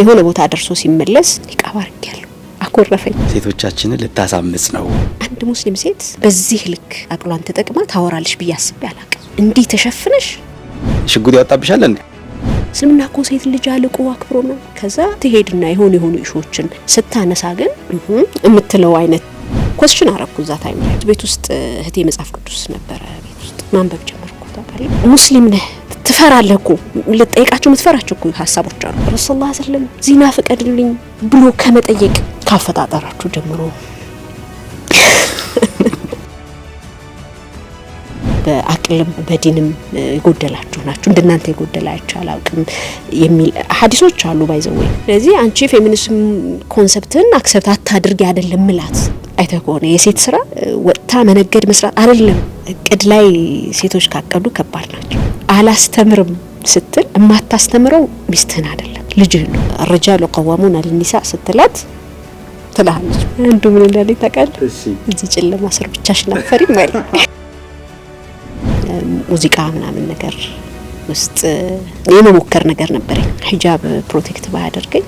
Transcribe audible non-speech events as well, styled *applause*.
የሆነ ቦታ ደርሶ ሲመለስ ኒቃብ አድርጌያለሁ። አኮረፈኝ። ሴቶቻችንን ልታሳምጽ ነው። አንድ ሙስሊም ሴት በዚህ ልክ አቅሏን ተጠቅማ ታወራለሽ ብዬ አስቤ አላቅም። እንዲህ ተሸፍነሽ ሽጉጥ ያወጣብሻል እንዴ? እስልምና እኮ ሴት ልጅ አልቆ አክብሮ ነው። ከዛ ትሄድና የሆኑ የሆኑ እሾችን ስታነሳ ግን የምትለው አይነት ኮስችን አረኩ። እዛ ታይም ቤት ውስጥ እህቴ መጽሐፍ ቅዱስ ነበረ ቤት ውስጥ ማንበብ ጀመርኩ። ታውቃለህ ሙስሊም ነህ ትፈራለህ እኮ ልጠይቃቸው የምትፈራቸው እኮ ሀሳቦች አሉ። ረሱል ላ ስለም ዚና ፍቀድልኝ ብሎ ከመጠየቅ ካፈጣጠራችሁ ጀምሮ *laughs* በአቅልም በዲንም የጎደላችሁ ናችሁ፣ እንደናንተ የጎደለ አይቻል የሚል ሀዲሶች አሉ ባይዘወ። ስለዚህ አንቺ ፌሚኒዝም ኮንሰፕትን አክሰብት አታድርግ አይደለም ምላት አይተ ከሆነ የሴት ስራ ወጥታ መነገድ መስራት አይደለም እቅድ ላይ ሴቶች ካቀዱ ከባድ ናቸው። አላስተምርም ስትል የማታስተምረው ሚስትህን አይደለም ልጅህን ነው። ሪጃሉ ቀዋሙን አልኒሳ ስትላት ትልሃለች። አንዱ ምን እንዳለ ታውቃለህ? እዚህ ጨለማ ስር ብቻሽን አትፈሪም ማለት ሙዚቃ ምናምን ነገር ውስጥ የመሞከር ነገር ነበረኝ ሂጃብ ፕሮቴክት ባያደርገኝ